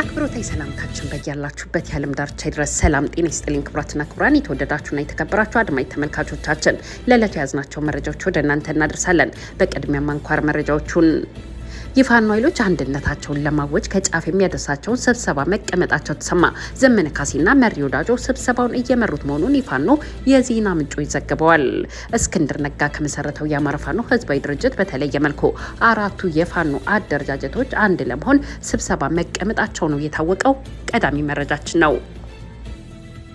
አክብሮታዊ ሰላምታችን በያላችሁበት የዓለም ዳርቻ ድረስ ሰላም ጤና ይስጥልኝ። ክቡራትና ክቡራን የተወደዳችሁና የተከበራችሁ አድማጭ ተመልካቾቻችን ለዕለቱ የያዝናቸው መረጃዎች ወደ እናንተ እናደርሳለን። በቅድሚያ አንኳር መረጃዎቹን የፋኖ ኃይሎች አንድነታቸውን ለማወጅ ከጫፍ የሚያደርሳቸውን ስብሰባ መቀመጣቸው ተሰማ። ዘመነ ካሴና መሪ ወዳጆ ስብሰባውን እየመሩት መሆኑን የፋኖ የዜና ምንጮች ዘግበዋል። እስክንድር ነጋ ከመሰረተው የአማራ ፋኖ ህዝባዊ ድርጅት በተለየ መልኩ አራቱ የፋኖ አደረጃጀቶች አንድ ለመሆን ስብሰባ መቀመጣቸው ነው የታወቀው። ቀዳሚ መረጃችን ነው።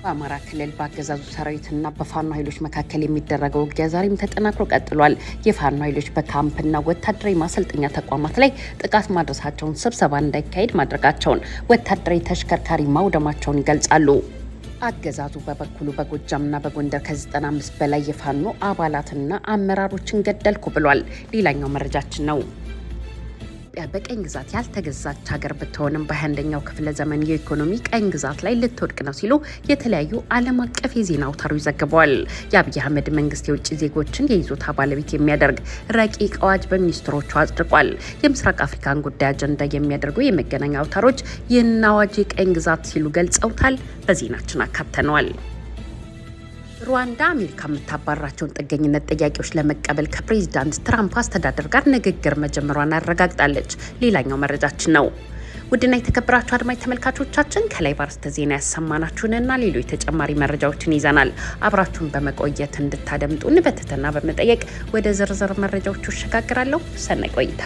በአማራ ክልል በአገዛዙ ሰራዊትና በፋኖ ኃይሎች መካከል የሚደረገው ውጊያ ዛሬም ተጠናክሮ ቀጥሏል። የፋኖ ኃይሎች በካምፕና ወታደራዊ ማሰልጠኛ ተቋማት ላይ ጥቃት ማድረሳቸውን፣ ስብሰባ እንዳይካሄድ ማድረጋቸውን፣ ወታደራዊ ተሽከርካሪ ማውደማቸውን ይገልጻሉ። አገዛዙ በበኩሉ በጎጃምና በጎንደር ከ95 በላይ የፋኖ አባላትና አመራሮችን ገደልኩ ብሏል። ሌላኛው መረጃችን ነው። ኢትዮጵያ በቀኝ ግዛት ያልተገዛች ሀገር ብትሆንም በአንደኛው ክፍለ ዘመን የኢኮኖሚ ቀኝ ግዛት ላይ ልትወድቅ ነው ሲሉ የተለያዩ ዓለም አቀፍ የዜና አውታሮች ዘግበዋል። የአብይ አህመድ መንግስት የውጭ ዜጎችን የይዞታ ባለቤት የሚያደርግ ረቂቅ አዋጅ በሚኒስትሮቹ አጽድቋል። የምስራቅ አፍሪካን ጉዳይ አጀንዳ የሚያደርጉ የመገናኛ አውታሮች ይህን አዋጅ የቀኝ ግዛት ሲሉ ገልጸውታል። በዜናችን አካተነዋል። ሩዋንዳ አሜሪካ የምታባራቸውን ጥገኝነት ጥያቄዎች ለመቀበል ከፕሬዚዳንት ትራምፕ አስተዳደር ጋር ንግግር መጀመሯን አረጋግጣለች። ሌላኛው መረጃችን ነው። ውድና የተከበራችሁ አድማጭ ተመልካቾቻችን ከላይ ባርስተ ዜና ያሰማናችሁንና ሌሎች ተጨማሪ መረጃዎችን ይዘናል። አብራችሁን በመቆየት እንድታደምጡን በትህትና በመጠየቅ ወደ ዝርዝር መረጃዎቹ እሸጋግራለሁ። ሰናይ ቆይታ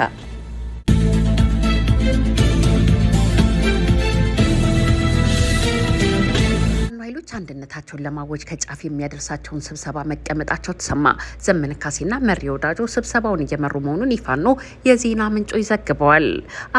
አንድነታቸውን ለማወጅ ከጫፍ የሚያደርሳቸውን ስብሰባ መቀመጣቸው ተሰማ። ዘመነ ካሴና መሪ ወዳጆ ስብሰባውን እየመሩ መሆኑን ይፋኖ የዜና ምንጮች ዘግበዋል።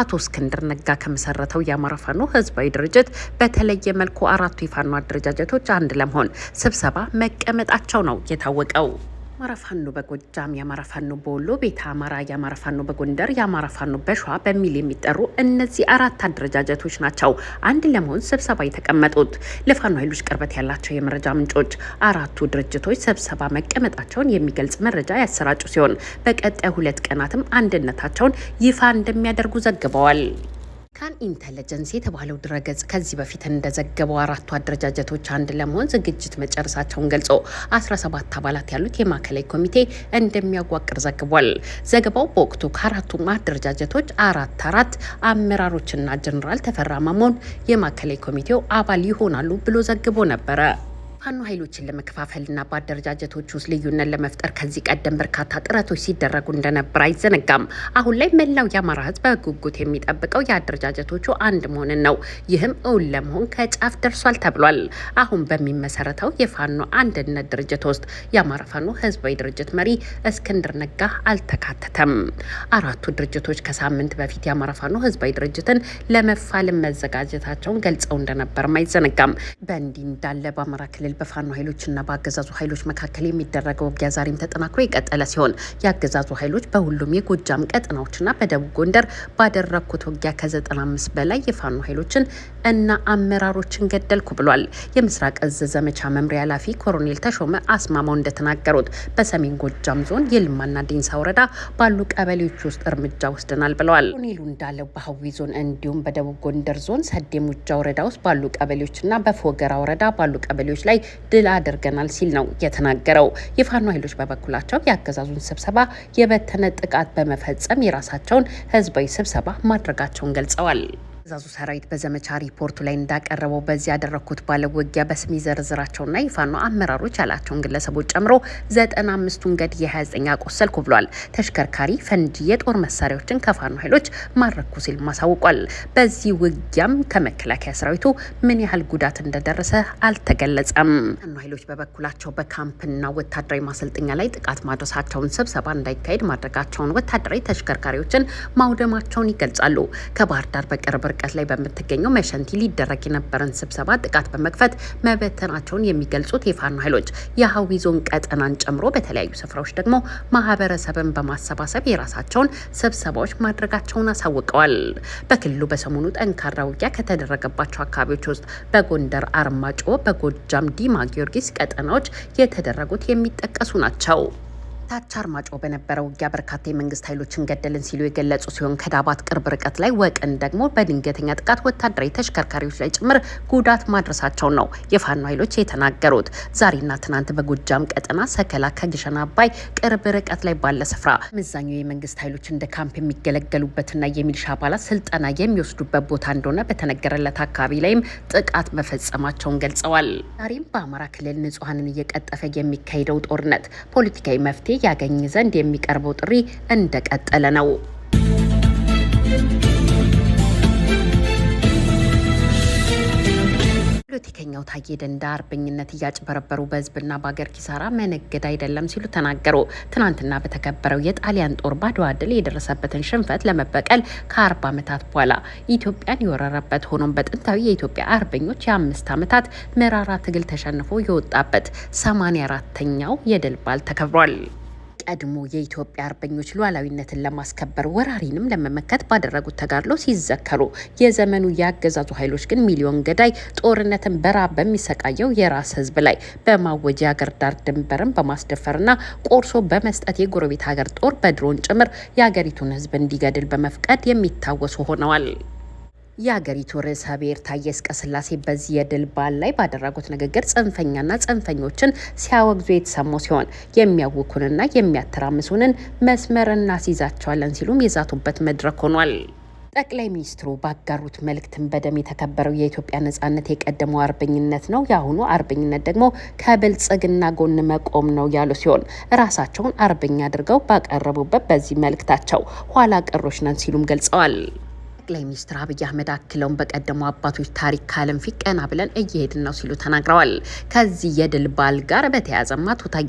አቶ እስክንድር ነጋ ከመሰረተው የአማራ ፋኖ ህዝባዊ ድርጅት በተለየ መልኩ አራቱ የፋኖ አደረጃጀቶች አንድ ለመሆን ስብሰባ መቀመጣቸው ነው የታወቀው። የአማራ ፋኖ በጎጃም፣ የአማራ ፋኖ በወሎ ቤተ አማራ፣ የአማራ ፋኖ በጎንደር፣ የአማራ ፋኖ በሸዋ በሚል የሚጠሩ እነዚህ አራት አደረጃጀቶች ናቸው አንድ ለመሆን ስብሰባ የተቀመጡት። ለፋኖ ኃይሎች ቅርበት ያላቸው የመረጃ ምንጮች አራቱ ድርጅቶች ስብሰባ መቀመጣቸውን የሚገልጽ መረጃ ያሰራጩ ሲሆን በቀጣይ ሁለት ቀናትም አንድነታቸውን ይፋ እንደሚያደርጉ ዘግበዋል። ካን ኢንተለጀንስ የተባለው ድረገጽ ከዚህ በፊት እንደዘገበው አራቱ አደረጃጀቶች አንድ ለመሆን ዝግጅት መጨረሳቸውን ገልጾ 17 አባላት ያሉት የማዕከላዊ ኮሚቴ እንደሚያዋቅር ዘግቧል። ዘገባው በወቅቱ ከአራቱም አደረጃጀቶች አራት አራት አመራሮችና ጀኔራል ተፈራ ማሞን የማዕከላዊ ኮሚቴው አባል ይሆናሉ ብሎ ዘግቦ ነበረ። ፋኖ ኃይሎችን ለመከፋፈልና በአደረጃጀቶች ውስጥ ልዩነት ለመፍጠር ከዚህ ቀደም በርካታ ጥረቶች ሲደረጉ እንደነበር አይዘነጋም። አሁን ላይ መላው የአማራ ህዝብ በጉጉት የሚጠብቀው የአደረጃጀቶቹ አንድ መሆንን ነው። ይህም እውን ለመሆን ከጫፍ ደርሷል ተብሏል። አሁን በሚመሰረተው የፋኖ አንድነት ድርጅት ውስጥ የአማራ ፋኖ ህዝባዊ ድርጅት መሪ እስክንድር ነጋ አልተካተተም። አራቱ ድርጅቶች ከሳምንት በፊት የአማራ ፋኖ ህዝባዊ ድርጅትን ለመፋልም መዘጋጀታቸውን ገልጸው እንደነበርም አይዘነጋም። በእንዲህ እንዳለ በአማራ ክልል በፋኖ ኃይሎችና በአገዛዙ ኃይሎች መካከል የሚደረገው ውጊያ ዛሬም ተጠናክሮ የቀጠለ ሲሆን የአገዛዙ ኃይሎች በሁሉም የጎጃም ቀጠናዎችና በደቡብ ጎንደር ባደረግኩት ውጊያ ከ95 በላይ የፋኖ ኃይሎችን እና አመራሮችን ገደልኩ ብሏል። የምስራቅ እዝ ዘመቻ መምሪያ ኃላፊ ኮሎኔል ተሾመ አስማማው እንደተናገሩት በሰሜን ጎጃም ዞን የልማና ዴንሳ ወረዳ ባሉ ቀበሌዎች ውስጥ እርምጃ ወስደናል ብለዋል። ኮሎኔሉ እንዳለው በሀዊ ዞን እንዲሁም በደቡብ ጎንደር ዞን ሰዴ ሙጃ ወረዳ ውስጥ ባሉ ቀበሌዎችና በፎገራ ወረዳ ባሉ ቀበሌዎች ላይ ላይ ድል አድርገናል ሲል ነው የተናገረው። የፋኖ ኃይሎች በበኩላቸው የአገዛዙን ስብሰባ የበተነ ጥቃት በመፈጸም የራሳቸውን ህዝባዊ ስብሰባ ማድረጋቸውን ገልጸዋል። ዛዙ ሰራዊት በዘመቻ ሪፖርቱ ላይ እንዳቀረበው በዚህ ያደረግኩት ባለ ውጊያ በስሜ ዘርዝራቸውና የፋኖ አመራሮች ያላቸውን ግለሰቦች ጨምሮ ዘጠና አምስቱን ገድ የ29 አቆሰልኩ ብሏል። ተሽከርካሪ፣ ፈንጂ፣ የጦር መሳሪያዎችን ከፋኖ ኃይሎች ማረኩ ሲል ማሳውቋል። በዚህ ውጊያም ከመከላከያ ሰራዊቱ ምን ያህል ጉዳት እንደደረሰ አልተገለጸም። ፋኖ ኃይሎች በበኩላቸው በካምፕና ወታደራዊ ማሰልጠኛ ላይ ጥቃት ማድረሳቸውን፣ ስብሰባ እንዳይካሄድ ማድረጋቸውን፣ ወታደራዊ ተሽከርካሪዎችን ማውደማቸውን ይገልጻሉ። ከባህር ዳር በቅርብ ርቀት ላይ በምትገኘው መሸንቲ ሊደረግ የነበረን ስብሰባ ጥቃት በመክፈት መበተናቸውን የሚገልጹት የፋኖ ኃይሎች የሀዊ ዞን ቀጠናን ጨምሮ በተለያዩ ስፍራዎች ደግሞ ማህበረሰብን በማሰባሰብ የራሳቸውን ስብሰባዎች ማድረጋቸውን አሳውቀዋል። በክልሉ በሰሞኑ ጠንካራ ውጊያ ከተደረገባቸው አካባቢዎች ውስጥ በጎንደር አርማጮ፣ በጎጃም ዲማ ጊዮርጊስ ቀጠናዎች የተደረጉት የሚጠቀሱ ናቸው። ታች አርማጮ በነበረው ውጊያ በርካታ የመንግስት ኃይሎችን ገደልን ሲሉ የገለጹ ሲሆን ከዳባት ቅርብ ርቀት ላይ ወቅን ደግሞ በድንገተኛ ጥቃት ወታደራዊ ተሽከርካሪዎች ላይ ጭምር ጉዳት ማድረሳቸው ነው የፋኖ ኃይሎች የተናገሩት። ዛሬና ትናንት በጎጃም ቀጠና ሰከላ ከግሸን አባይ ቅርብ ርቀት ላይ ባለ ስፍራ ምዛኙ የመንግስት ኃይሎች እንደ ካምፕ የሚገለገሉበትና የሚሊሻ አባላት ስልጠና የሚወስዱበት ቦታ እንደሆነ በተነገረለት አካባቢ ላይም ጥቃት መፈጸማቸውን ገልጸዋል። ዛሬም በአማራ ክልል ንጹሐንን እየቀጠፈ የሚካሄደው ጦርነት ፖለቲካዊ መፍትሄ ያገኝ ዘንድ የሚቀርበው ጥሪ እንደቀጠለ ነው። ፖለቲከኛው ታዬ ደንዳ አርበኝነት እያጭበረበሩ በህዝብና በሀገር ኪሳራ መነገድ አይደለም ሲሉ ተናገሩ። ትናንትና በተከበረው የጣሊያን ጦር ባድዋ ድል የደረሰበትን ሽንፈት ለመበቀል ከአርባ ዓመታት በኋላ ኢትዮጵያን የወረረበት ሆኖም በጥንታዊ የኢትዮጵያ አርበኞች የአምስት ዓመታት መራራ ትግል ተሸንፎ የወጣበት ሰማንያ አራተኛው የድል በዓል ተከብሯል። ቀድሞ የኢትዮጵያ አርበኞች ሉዓላዊነትን ለማስከበር ወራሪንም ለመመከት ባደረጉት ተጋድሎ ሲዘከሩ፣ የዘመኑ የአገዛዙ ኃይሎች ግን ሚሊዮን ገዳይ ጦርነትን በራብ በሚሰቃየው የራስ ህዝብ ላይ በማወጅ የአገር ዳር ድንበርን በማስደፈርና ቆርሶ በመስጠት የጎረቤት ሀገር ጦር በድሮን ጭምር የሀገሪቱን ህዝብ እንዲገድል በመፍቀድ የሚታወሱ ሆነዋል። የአገሪቱ ርዕሰ ብሔር ታዬ አጽቀሥላሴ በዚህ የድል በዓል ላይ ባደረጉት ንግግር ጽንፈኛና ጽንፈኞችን ሲያወግዙ የተሰሙ ሲሆን የሚያውኩንና የሚያተራምሱንን መስመር እናስይዛቸዋለን ሲሉም የዛቱበት መድረክ ሆኗል። ጠቅላይ ሚኒስትሩ ባጋሩት መልእክትን በደም የተከበረው የኢትዮጵያ ነጻነት የቀደመው አርበኝነት ነው፣ የአሁኑ አርበኝነት ደግሞ ከብልጽግና ጎን መቆም ነው ያሉ ሲሆን ራሳቸውን አርበኛ አድርገው ባቀረቡበት በዚህ መልእክታቸው ኋላ ቀሮች ነን ሲሉም ገልጸዋል። ጠቅላይ ሚኒስትር አብይ አህመድ አክለውን በቀደሙ አባቶች ታሪክ ካለም ፊት ቀና ብለን እየሄድን ነው ሲሉ ተናግረዋል። ከዚህ የድል በዓል ጋር በተያያዘም አቶ ታዬ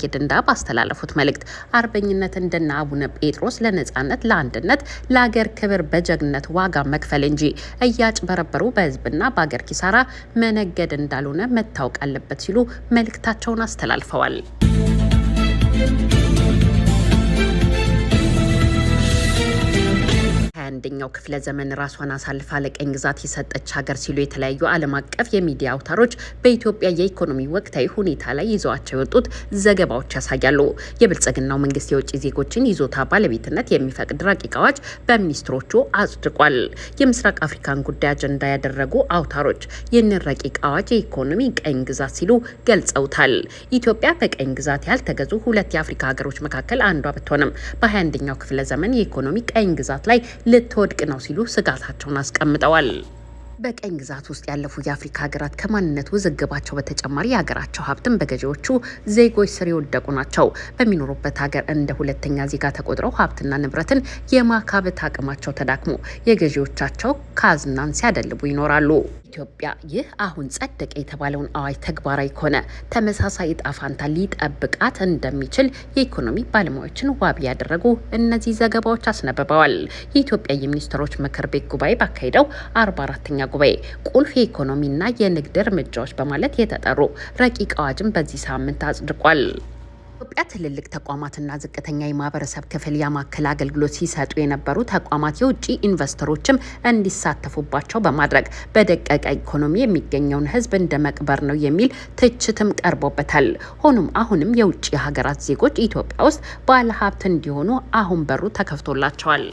ባስተላለፉት መልእክት አርበኝነት እንደና አቡነ ጴጥሮስ ለነጻነት፣ ለአንድነት፣ ለአገር ክብር በጀግነት ዋጋ መክፈል እንጂ እያጭበረበሩ በህዝብና በአገር ኪሳራ መነገድ እንዳልሆነ መታወቅ አለበት ሲሉ መልእክታቸውን አስተላልፈዋል። በ21ኛው ክፍለ ዘመን ራሷን አሳልፋ ለቀኝ ግዛት የሰጠች ሀገር ሲሉ የተለያዩ ዓለም አቀፍ የሚዲያ አውታሮች በኢትዮጵያ የኢኮኖሚ ወቅታዊ ሁኔታ ላይ ይዘዋቸው የወጡት ዘገባዎች ያሳያሉ። የብልጽግናው መንግስት የውጭ ዜጎችን ይዞታ ባለቤትነት የሚፈቅድ ረቂቅ አዋጅ በሚኒስትሮቹ አጽድቋል። የምስራቅ አፍሪካን ጉዳይ አጀንዳ ያደረጉ አውታሮች ይህንን ረቂቅ አዋጅ የኢኮኖሚ ቀኝ ግዛት ሲሉ ገልጸውታል። ኢትዮጵያ በቀኝ ግዛት ያልተገዙ ሁለት የአፍሪካ ሀገሮች መካከል አንዷ ብትሆንም በ21ኛው ክፍለ ዘመን የኢኮኖሚ ቀኝ ግዛት ላይ ልትወ ወድቅ ነው ሲሉ ስጋታቸውን አስቀምጠዋል። በቀኝ ግዛት ውስጥ ያለፉ የአፍሪካ ሀገራት ከማንነት ውዝግባቸው በተጨማሪ የሀገራቸው ሀብትን በገዢዎቹ ዜጎች ስር የወደቁ ናቸው። በሚኖሩበት ሀገር እንደ ሁለተኛ ዜጋ ተቆጥረው ሀብትና ንብረትን የማካበት አቅማቸው ተዳክሞ የገዢዎቻቸው ካዝናን ሲያደልቡ ይኖራሉ። ኢትዮጵያ ይህ አሁን ጸደቀ የተባለውን አዋጅ ተግባራዊ ከሆነ ተመሳሳይ እጣ ፋንታ ሊጠብቃት እንደሚችል የኢኮኖሚ ባለሙያዎችን ዋቢ ያደረጉ እነዚህ ዘገባዎች አስነብበዋል። የኢትዮጵያ የሚኒስትሮች ምክር ቤት ጉባኤ ባካሄደው አርባ አራተኛ ጉባኤ ቁልፍ የኢኮኖሚና የንግድ እርምጃዎች በማለት የተጠሩ ረቂቅ አዋጅን በዚህ ሳምንት አጽድቋል። ኢትዮጵያ ትልልቅ ተቋማትና ዝቅተኛ የማህበረሰብ ክፍል ያማከለ አገልግሎት ሲሰጡ የነበሩ ተቋማት የውጭ ኢንቨስተሮችም እንዲሳተፉባቸው በማድረግ በደቀቀ ኢኮኖሚ የሚገኘውን ሕዝብ እንደ መቅበር ነው የሚል ትችትም ቀርቦበታል። ሆኖም አሁንም የውጭ ሀገራት ዜጎች ኢትዮጵያ ውስጥ ባለሀብት እንዲሆኑ አሁን በሩ ተከፍቶላቸዋል።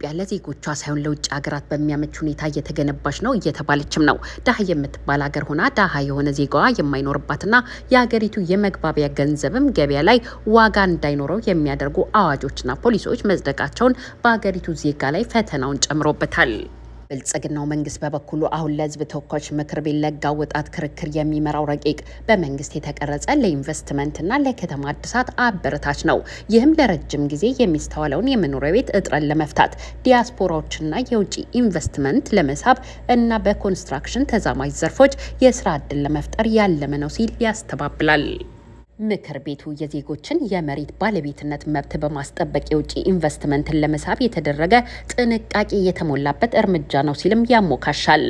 ኢትዮጵያ ለዜጎቿ ሳይሆን ለውጭ ሀገራት በሚያመች ሁኔታ እየተገነባች ነው እየተባለችም ነው። ዳሀ የምትባል ሀገር ሆና ዳሀ የሆነ ዜጋዋ የማይኖርባትና የሀገሪቱ የመግባቢያ ገንዘብም ገበያ ላይ ዋጋ እንዳይኖረው የሚያደርጉ አዋጆችና ፖሊሲዎች መጽደቃቸውን በሀገሪቱ ዜጋ ላይ ፈተናውን ጨምሮበታል። ብልጽግናው መንግስት በበኩሉ አሁን ለህዝብ ተወካዮች ምክር ቤት ለጋ ወጣት ክርክር የሚመራው ረቂቅ በመንግስት የተቀረጸ ለኢንቨስትመንትና ለከተማ አድሳት አበረታች ነው። ይህም ለረጅም ጊዜ የሚስተዋለውን የመኖሪያ ቤት እጥረት ለመፍታት ዲያስፖራዎችና የውጭ ኢንቨስትመንት ለመሳብ እና በኮንስትራክሽን ተዛማጅ ዘርፎች የስራ እድል ለመፍጠር ያለመ ነው ሲል ያስተባብላል። ምክር ቤቱ የዜጎችን የመሬት ባለቤትነት መብት በማስጠበቅ የውጭ ኢንቨስትመንትን ለመሳብ የተደረገ ጥንቃቄ የተሞላበት እርምጃ ነው ሲልም ያሞካሻል።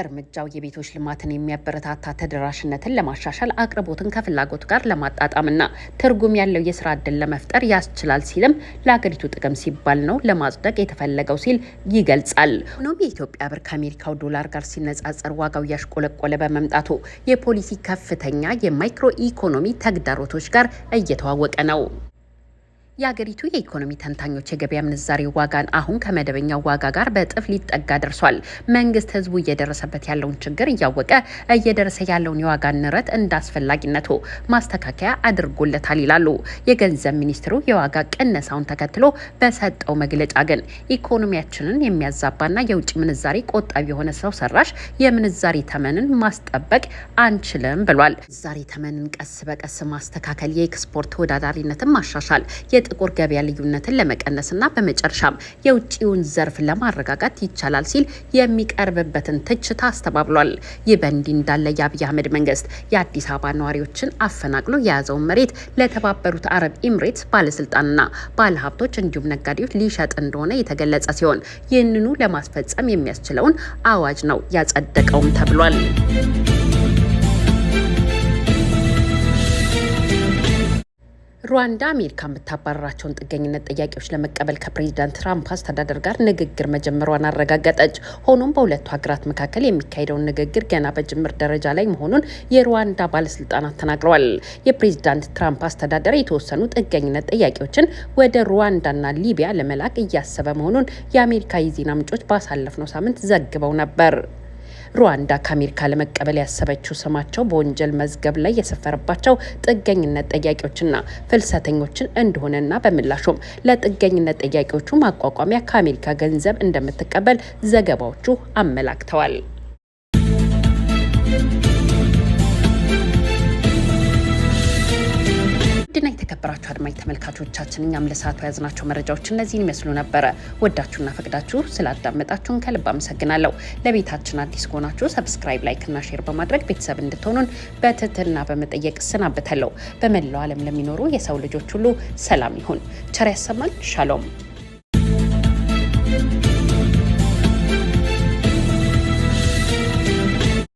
እርምጃው የቤቶች ልማትን የሚያበረታታ ተደራሽነትን ለማሻሻል አቅርቦትን ከፍላጎት ጋር ለማጣጣምና ትርጉም ያለው የስራ እድል ለመፍጠር ያስችላል ሲልም ለሀገሪቱ ጥቅም ሲባል ነው ለማጽደቅ የተፈለገው ሲል ይገልጻል። ሆኖም የኢትዮጵያ ብር ከአሜሪካው ዶላር ጋር ሲነጻጸር ዋጋው እያሽቆለቆለ በመምጣቱ የፖሊሲ ከፍተኛ የማይክሮ ኢኮኖሚ ተግዳሮቶች ጋር እየተዋወቀ ነው። የአገሪቱ የኢኮኖሚ ተንታኞች የገበያ ምንዛሬ ዋጋን አሁን ከመደበኛው ዋጋ ጋር በእጥፍ ሊጠጋ ደርሷል። መንግስት ህዝቡ እየደረሰበት ያለውን ችግር እያወቀ እየደረሰ ያለውን የዋጋ ንረት አስፈላጊነቱ ማስተካከያ አድርጎለታል ይላሉ የገንዘብ ሚኒስትሩ። የዋጋ ቅነሳውን ተከትሎ በሰጠው መግለጫ ግን ኢኮኖሚያችንን የሚያዛባና የውጭ ምንዛሬ ቆጣቢ የሆነ ሰው ሰራሽ የምንዛሬ ተመንን ማስጠበቅ አንችልም ብሏል። ምንዛሬ ተመንን ቀስ በቀስ ማስተካከል፣ የኤክስፖርት ተወዳዳሪነትን ማሻሻል የጥቁር ገበያ ልዩነትን ለመቀነስና በመጨረሻም የውጭውን ዘርፍ ለማረጋጋት ይቻላል ሲል የሚቀርብበትን ትችት አስተባብሏል። ይህ በእንዲህ እንዳለ የአብይ አህመድ መንግስት የአዲስ አበባ ነዋሪዎችን አፈናቅሎ የያዘውን መሬት ለተባበሩት አረብ ኤምሬትስ ባለስልጣንና ባለሀብቶች እንዲሁም ነጋዴዎች ሊሸጥ እንደሆነ የተገለጸ ሲሆን ይህንኑ ለማስፈጸም የሚያስችለውን አዋጅ ነው ያጸደቀውም ተብሏል። ሩዋንዳ አሜሪካ የምታባረራቸውን ጥገኝነት ጥያቄዎች ለመቀበል ከፕሬዚዳንት ትራምፕ አስተዳደር ጋር ንግግር መጀመሯን አረጋገጠች። ሆኖም በሁለቱ ሀገራት መካከል የሚካሄደውን ንግግር ገና በጅምር ደረጃ ላይ መሆኑን የሩዋንዳ ባለስልጣናት ተናግረዋል። የፕሬዚዳንት ትራምፕ አስተዳደር የተወሰኑ ጥገኝነት ጥያቄዎችን ወደ ሩዋንዳና ሊቢያ ለመላክ እያሰበ መሆኑን የአሜሪካ የዜና ምንጮች ባሳለፍነው ሳምንት ዘግበው ነበር። ሩዋንዳ ከአሜሪካ ለመቀበል ያሰበችው ስማቸው በወንጀል መዝገብ ላይ የሰፈረባቸው ጥገኝነት ጠያቂዎችና ፍልሰተኞችን እንደሆነና በምላሹም ለጥገኝነት ጠያቂዎቹ ማቋቋሚያ ከአሜሪካ ገንዘብ እንደምትቀበል ዘገባዎቹ አመላክተዋል። ውድና የተከበራችሁ አድማጭ ተመልካቾቻችን እኛም ለሰዓቱ የያዝናቸው መረጃዎች እነዚህን ይመስሉ ነበረ። ወዳችሁና ፈቅዳችሁ ስላዳመጣችሁን ከልብ አመሰግናለሁ። ለቤታችን አዲስ ከሆናችሁ ሰብስክራይብ፣ ላይክና ሼር በማድረግ ቤተሰብ እንድትሆኑን በትህትና በመጠየቅ እሰናበታለሁ። በመላው ዓለም ለሚኖሩ የሰው ልጆች ሁሉ ሰላም ይሁን፣ ቸር ያሰማን። ሻሎም